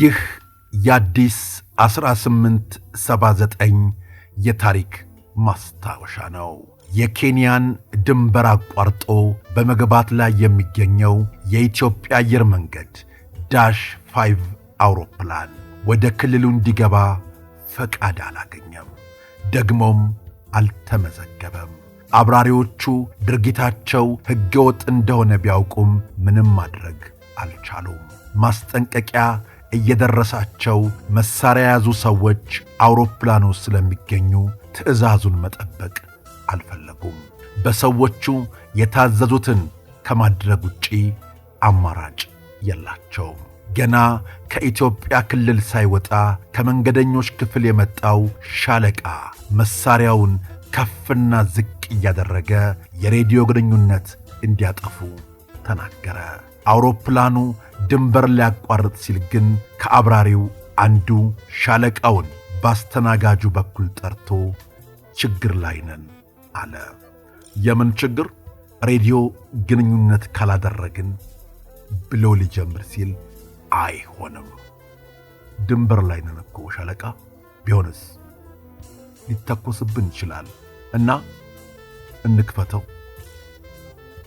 ይህ የአዲስ 1879 የታሪክ ማስታወሻ ነው። የኬንያን ድንበር አቋርጦ በመግባት ላይ የሚገኘው የኢትዮጵያ አየር መንገድ ዳሽ 5 አውሮፕላን ወደ ክልሉ እንዲገባ ፈቃድ አላገኘም፣ ደግሞም አልተመዘገበም። አብራሪዎቹ ድርጊታቸው ሕገወጥ እንደሆነ ቢያውቁም ምንም ማድረግ አልቻሉም። ማስጠንቀቂያ እየደረሳቸው መሣሪያ የያዙ ሰዎች አውሮፕላን ስለሚገኙ ትዕዛዙን መጠበቅ አልፈለጉም። በሰዎቹ የታዘዙትን ከማድረግ ውጪ አማራጭ የላቸውም። ገና ከኢትዮጵያ ክልል ሳይወጣ ከመንገደኞች ክፍል የመጣው ሻለቃ መሣሪያውን ከፍና ዝቅ እያደረገ የሬዲዮ ግንኙነት እንዲያጠፉ ተናገረ። አውሮፕላኑ ድንበር ሊያቋርጥ ሲል ግን ከአብራሪው አንዱ ሻለቃውን በአስተናጋጁ በኩል ጠርቶ ችግር ላይ ነን አለ። የምን ችግር? ሬዲዮ ግንኙነት ካላደረግን ብሎ ሊጀምር ሲል አይሆንም፣ ድንበር ላይ ነን እኮ ሻለቃ፣ ቢሆንስ ሊተኮስብን ይችላል እና እንክፈተው፣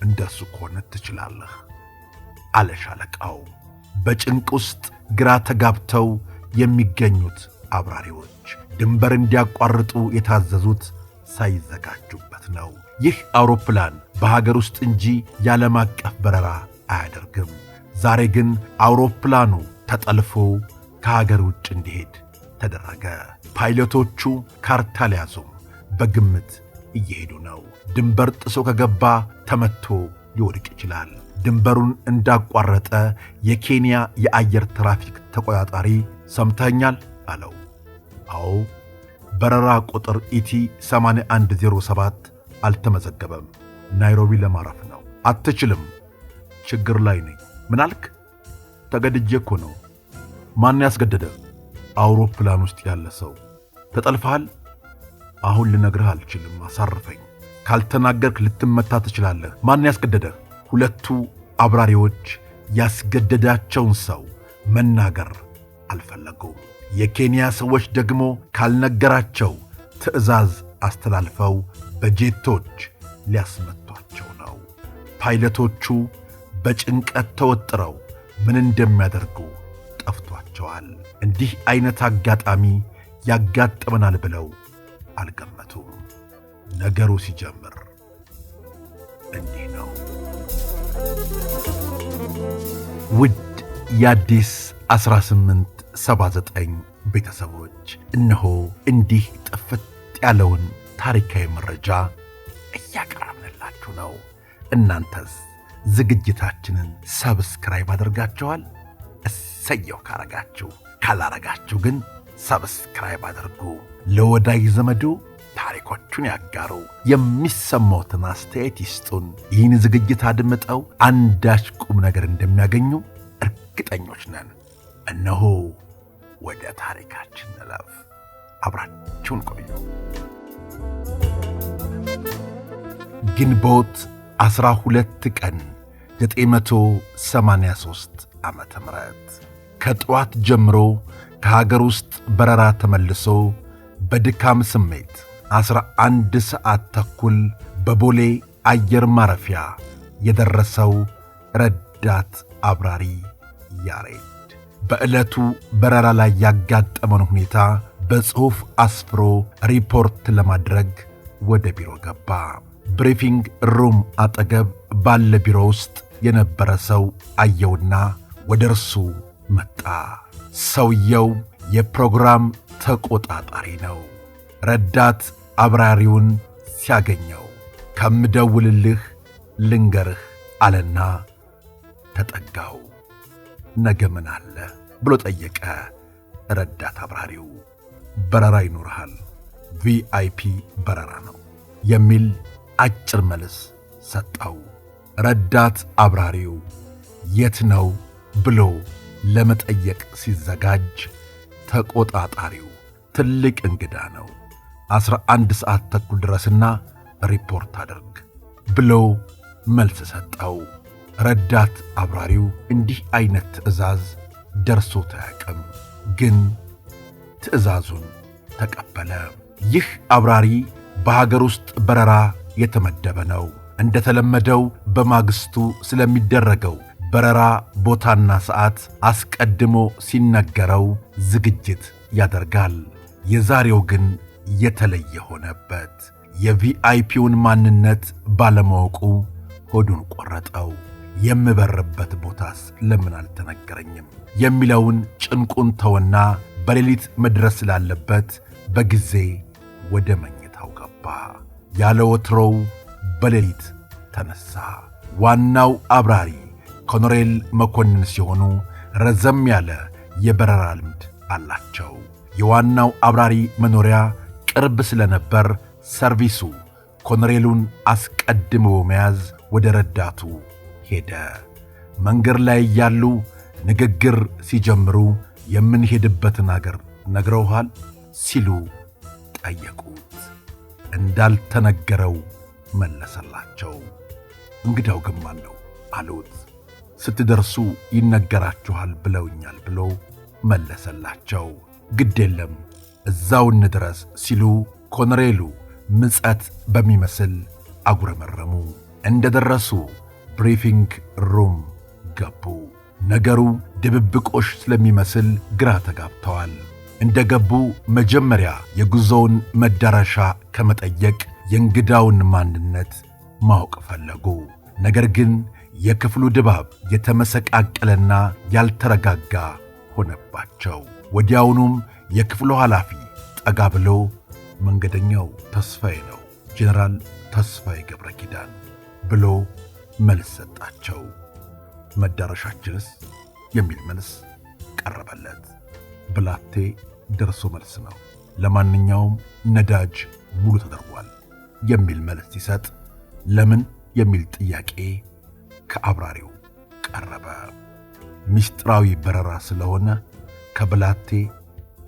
እንደሱ ከሆነ ትችላለህ አለ ሻለቃው። በጭንቅ ውስጥ ግራ ተጋብተው የሚገኙት አብራሪዎች ድንበር እንዲያቋርጡ የታዘዙት ሳይዘጋጁበት ነው። ይህ አውሮፕላን በሀገር ውስጥ እንጂ የዓለም አቀፍ በረራ አያደርግም። ዛሬ ግን አውሮፕላኑ ተጠልፎ ከሀገር ውጭ እንዲሄድ ተደረገ። ፓይለቶቹ ካርታ ሊያዙም በግምት እየሄዱ ነው። ድንበር ጥሶ ከገባ ተመቶ ሊወድቅ ይችላል። ድንበሩን እንዳቋረጠ የኬንያ የአየር ትራፊክ ተቆጣጣሪ ሰምተኛል አለው። አዎ፣ በረራ ቁጥር ኢቲ 8107 አልተመዘገበም። ናይሮቢ ለማረፍ ነው። አትችልም። ችግር ላይ ነኝ። ምናልክ? ተገድጄ እኮ ነው። ማን ያስገደደ? አውሮፕላን ውስጥ ያለ ሰው። ተጠልፈሃል? አሁን ልነግርህ አልችልም። አሳርፈኝ። ካልተናገርክ ልትመታ ትችላለህ። ማን ያስገደደህ? ሁለቱ አብራሪዎች ያስገደዳቸውን ሰው መናገር አልፈለጉም። የኬንያ ሰዎች ደግሞ ካልነገራቸው ትዕዛዝ አስተላልፈው በጄቶች ሊያስመቷቸው ነው። ፓይለቶቹ በጭንቀት ተወጥረው ምን እንደሚያደርጉ ጠፍቷቸዋል። እንዲህ አይነት አጋጣሚ ያጋጥመናል ብለው አልገመቱም። ነገሩ ሲጀምር እንዲህ ነው። ውድ የአዲስ 1879 ቤተሰቦች እነሆ እንዲህ ጥፍት ያለውን ታሪካዊ መረጃ እያቀረብንላችሁ ነው። እናንተስ ዝግጅታችንን ሰብስክራይብ አድርጋችኋል? እሰየው ካረጋችሁ፣ ካላረጋችሁ ግን ሰብስክራይብ አድርጉ። ለወዳጅ ዘመዱ ታሪኮቹን ያጋሩ፣ የሚሰማዎትን አስተያየት ይስጡን። ይህን ዝግጅት አድምጠው አንዳች ቁም ነገር እንደሚያገኙ እርግጠኞች ነን። እነሆ ወደ ታሪካችን እለፍ። አብራችሁን ቆዩ። ግንቦት 12 ቀን 983 ዓ ም ከጠዋት ጀምሮ ከሀገር ውስጥ በረራ ተመልሶ በድካም ስሜት 11 ሰዓት ተኩል በቦሌ አየር ማረፊያ የደረሰው ረዳት አብራሪ ያሬድ በዕለቱ በረራ ላይ ያጋጠመን ሁኔታ በጽሑፍ አስፍሮ ሪፖርት ለማድረግ ወደ ቢሮ ገባ። ብሪፊንግ ሩም አጠገብ ባለ ቢሮ ውስጥ የነበረ ሰው አየውና ወደ እርሱ መጣ። ሰውየው የፕሮግራም ተቆጣጣሪ ነው። ረዳት አብራሪውን ሲያገኘው ከምደውልልህ ልንገርህ አለና ተጠጋው። ነገ ምን አለ ብሎ ጠየቀ። ረዳት አብራሪው በረራ ይኖርሃል፣ ቪአይፒ በረራ ነው የሚል አጭር መልስ ሰጠው። ረዳት አብራሪው የት ነው ብሎ ለመጠየቅ ሲዘጋጅ ተቆጣጣሪው ትልቅ እንግዳ ነው 11 ሰዓት ተኩል ድረስና ሪፖርት አድርግ ብሎ መልስ ሰጠው። ረዳት አብራሪው እንዲህ አይነት ትዕዛዝ ደርሶት አያውቅም፣ ግን ትዕዛዙን ተቀበለ። ይህ አብራሪ በሀገር ውስጥ በረራ የተመደበ ነው። እንደተለመደው በማግስቱ ስለሚደረገው በረራ ቦታና ሰዓት አስቀድሞ ሲነገረው ዝግጅት ያደርጋል። የዛሬው ግን የተለየ ሆነበት። የቪአይፒውን ማንነት ባለማወቁ ሆዱን ቆረጠው። የምበርበት ቦታስ ለምን አልተነገረኝም የሚለውን ጭንቁን ተወና በሌሊት መድረስ ስላለበት በጊዜ ወደ መኝታው ገባ። ያለ ወትሮው በሌሊት ተነሳ። ዋናው አብራሪ ኮሎኔል መኮንን ሲሆኑ ረዘም ያለ የበረራ ልምድ አላቸው። የዋናው አብራሪ መኖሪያ ቅርብ ስለነበር ሰርቪሱ ኮነሬሉን አስቀድሞ መያዝ ወደ ረዳቱ ሄደ። መንገድ ላይ እያሉ ንግግር ሲጀምሩ የምንሄድበትን አገር ነግረውሃል ሲሉ ጠየቁት። እንዳልተነገረው መለሰላቸው። እንግዳው ግን ማን ነው አሉት። ስትደርሱ ይነገራችኋል ብለውኛል ብሎ መለሰላቸው። ግድ የለም እዛው እንድረስ ሲሉ ኮነሬሉ ምጸት በሚመስል አጉረመረሙ። እንደደረሱ ብሪፊንግ ሩም ገቡ። ነገሩ ድብብቆሽ ስለሚመስል ግራ ተጋብተዋል። እንደ ገቡ መጀመሪያ የጉዞውን መዳረሻ ከመጠየቅ የእንግዳውን ማንነት ማወቅ ፈለጉ። ነገር ግን የክፍሉ ድባብ የተመሰቃቀለና ያልተረጋጋ ሆነባቸው። ወዲያውኑም የክፍሉ ኃላፊ ጠጋ ብሎ መንገደኛው ተስፋዬ ነው ጄኔራል ተስፋዬ ገብረ ኪዳን ብሎ መልስ ሰጣቸው። መዳረሻችንስ የሚል መልስ ቀረበለት። ብላቴ ደርሶ መልስ ነው ለማንኛውም ነዳጅ ሙሉ ተደርጓል የሚል መልስ ሲሰጥ ለምን የሚል ጥያቄ ከአብራሪው ቀረበ። ምስጢራዊ በረራ ስለሆነ ከብላቴ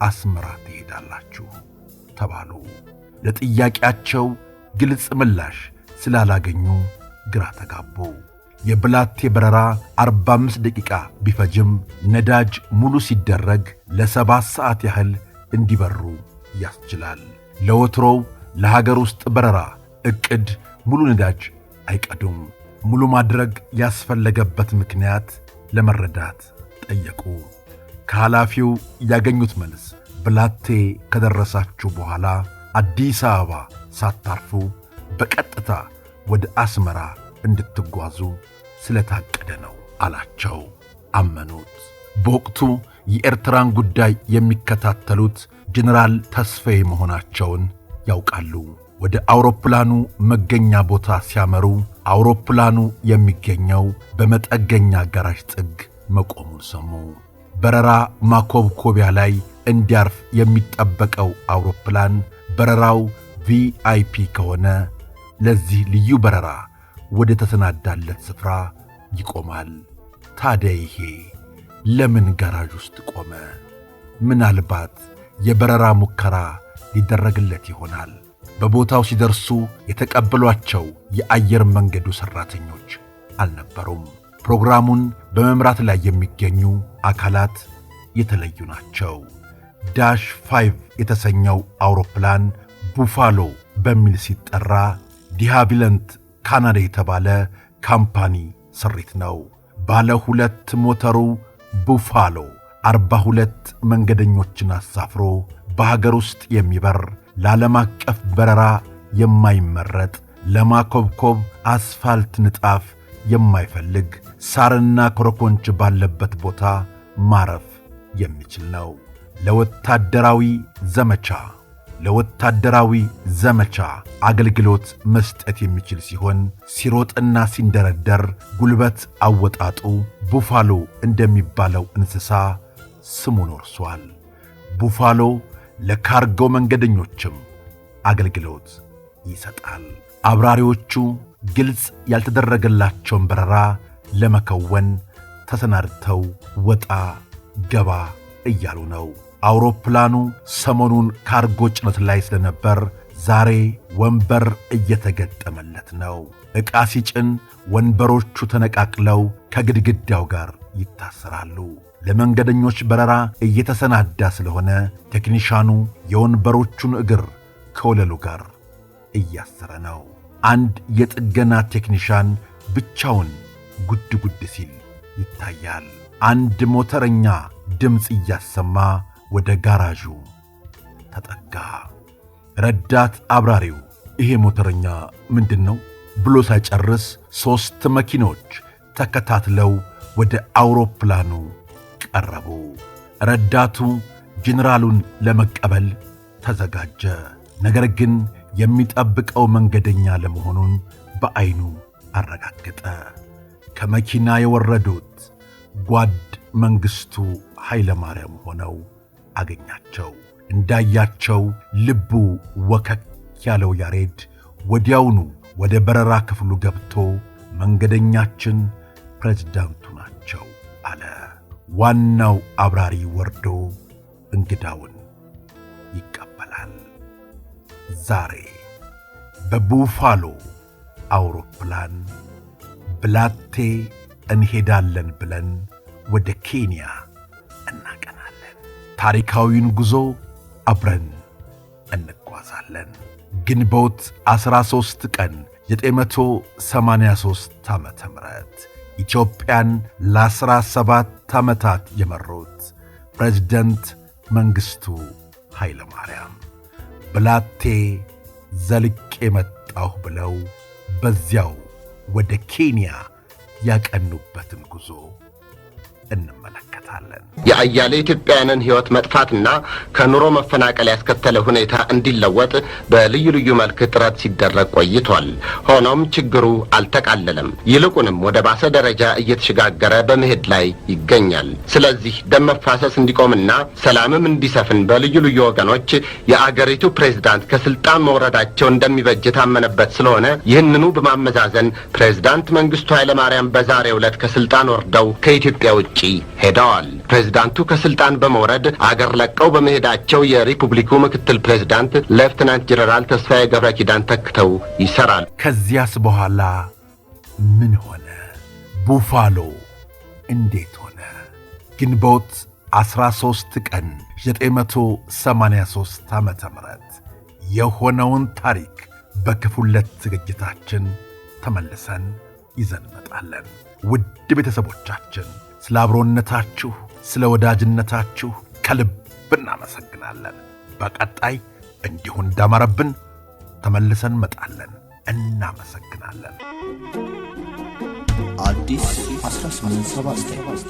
አስመራ ትሄዳላችሁ ተባሉ። ለጥያቄያቸው ግልጽ ምላሽ ስላላገኙ ግራ ተጋቡ። የብላቴ በረራ 45 ደቂቃ ቢፈጅም ነዳጅ ሙሉ ሲደረግ ለሰባት ሰዓት ያህል እንዲበሩ ያስችላል። ለወትሮው ለሀገር ውስጥ በረራ ዕቅድ ሙሉ ነዳጅ አይቀዱም። ሙሉ ማድረግ ያስፈለገበት ምክንያት ለመረዳት ጠየቁ። ከኃላፊው ያገኙት መልስ ብላቴ ከደረሳችሁ በኋላ አዲስ አበባ ሳታርፉ በቀጥታ ወደ አስመራ እንድትጓዙ ስለታቀደ ነው አላቸው። አመኑት። በወቅቱ የኤርትራን ጉዳይ የሚከታተሉት ጀኔራል ተስፋዬ መሆናቸውን ያውቃሉ። ወደ አውሮፕላኑ መገኛ ቦታ ሲያመሩ አውሮፕላኑ የሚገኘው በመጠገኛ ጋራዥ ጥግ መቆሙን ሰሙ። በረራ ማኮብኮቢያ ላይ እንዲያርፍ የሚጠበቀው አውሮፕላን በረራው ቪአይፒ ከሆነ ለዚህ ልዩ በረራ ወደ ተሰናዳለት ስፍራ ይቆማል። ታዲያ ይሄ ለምን ጋራዥ ውስጥ ቆመ? ምናልባት የበረራ ሙከራ ሊደረግለት ይሆናል። በቦታው ሲደርሱ የተቀበሏቸው የአየር መንገዱ ሠራተኞች አልነበሩም። ፕሮግራሙን በመምራት ላይ የሚገኙ አካላት የተለዩ ናቸው። ዳሽ ፋይቭ የተሰኘው አውሮፕላን ቡፋሎ በሚል ሲጠራ ዲሃቪለንት ካናዳ የተባለ ካምፓኒ ስሪት ነው። ባለ ሁለት ሞተሩ ቡፋሎ አርባ ሁለት መንገደኞችን አሳፍሮ በሀገር ውስጥ የሚበር ለዓለም አቀፍ በረራ የማይመረጥ ለማኮብኮብ አስፋልት ንጣፍ የማይፈልግ ሳርና ኮረኮንች ባለበት ቦታ ማረፍ የሚችል ነው። ለወታደራዊ ዘመቻ ለወታደራዊ ዘመቻ አገልግሎት መስጠት የሚችል ሲሆን ሲሮጥና ሲንደረደር ጉልበት አወጣጡ ቡፋሎ እንደሚባለው እንስሳ ስሙን ወርሷል። ቡፋሎ ለካርጎ መንገደኞችም አገልግሎት ይሰጣል። አብራሪዎቹ ግልጽ ያልተደረገላቸውን በረራ ለመከወን ተሰናድተው ወጣ ገባ እያሉ ነው። አውሮፕላኑ ሰሞኑን ካርጎ ጭነት ላይ ስለነበር ዛሬ ወንበር እየተገጠመለት ነው። ዕቃ ሲጭን ወንበሮቹ ተነቃቅለው ከግድግዳው ጋር ይታሰራሉ። ለመንገደኞች በረራ እየተሰናዳ ስለሆነ ቴክኒሻኑ የወንበሮቹን እግር ከወለሉ ጋር እያሰረ ነው። አንድ የጥገና ቴክኒሻን ብቻውን ጉድ ጉድ ሲል ይታያል። አንድ ሞተረኛ ድምፅ እያሰማ ወደ ጋራዡ ተጠጋ። ረዳት አብራሪው ይሄ ሞተረኛ ምንድን ነው ብሎ ሳይጨርስ ሦስት መኪኖች ተከታትለው ወደ አውሮፕላኑ ቀረቡ። ረዳቱ ጄኔራሉን ለመቀበል ተዘጋጀ። ነገር ግን የሚጠብቀው መንገደኛ ለመሆኑን በዐይኑ አረጋገጠ። ከመኪና የወረዱት ጓድ መንግሥቱ ማርያም ሆነው አገኛቸው። እንዳያቸው ልቡ ወከክ ያለው ያሬድ ወዲያውኑ ወደ በረራ ክፍሉ ገብቶ መንገደኛችን ፕሬዝዳንቱ ናቸው አለ። ዋናው አብራሪ ወርዶ እንግዳውን ይቀበል ዛሬ በቡፋሎ አውሮፕላን ብላቴ እንሄዳለን ብለን ወደ ኬንያ እናቀናለን። ታሪካዊውን ጉዞ አብረን እንጓዛለን። ግንቦት 13 ቀን 983 ዓ ም ኢትዮጵያን ለ17 ዓመታት የመሩት ፕሬዚደንት መንግሥቱ ኃይለማርያም ብላቴ ዘልቄ መጣሁ ብለው በዚያው ወደ ኬንያ ያቀኑበትን ጉዞ እንመለከት። እንመለከታለን። የአያሌ ኢትዮጵያውያንን ህይወት መጥፋትና ከኑሮ መፈናቀል ያስከተለ ሁኔታ እንዲለወጥ በልዩ ልዩ መልክ ጥረት ሲደረግ ቆይቷል። ሆኖም ችግሩ አልተቃለለም፣ ይልቁንም ወደ ባሰ ደረጃ እየተሸጋገረ በመሄድ ላይ ይገኛል። ስለዚህ ደም መፋሰስ እንዲቆምና ሰላምም እንዲሰፍን በልዩ ልዩ ወገኖች የአገሪቱ ፕሬዝዳንት ከስልጣን መውረዳቸው እንደሚበጅ የታመነበት ስለሆነ ይህንኑ በማመዛዘን ፕሬዝዳንት መንግስቱ ኃይለማርያም በዛሬው ዕለት ከስልጣን ወርደው ከኢትዮጵያ ውጪ ሄደዋል። ተናግረዋል። ፕሬዚዳንቱ ከስልጣን በመውረድ አገር ለቀው በመሄዳቸው የሪፑብሊኩ ምክትል ፕሬዚዳንት ሌፍትናንት ጀነራል ተስፋዬ ገብረ ኪዳን ተክተው ይሰራል። ከዚያስ በኋላ ምን ሆነ? ቡፋሎ እንዴት ሆነ? ግንቦት 13 ቀን 983 ዓ ም የሆነውን ታሪክ በክፉለት ዝግጅታችን ተመልሰን ይዘን እንመጣለን። ውድ ቤተሰቦቻችን ስለ አብሮነታችሁ፣ ስለ ወዳጅነታችሁ ከልብ እናመሰግናለን። በቀጣይ እንዲሁ እንዳማረብን ተመልሰን መጣለን። እናመሰግናለን። አዲስ 1879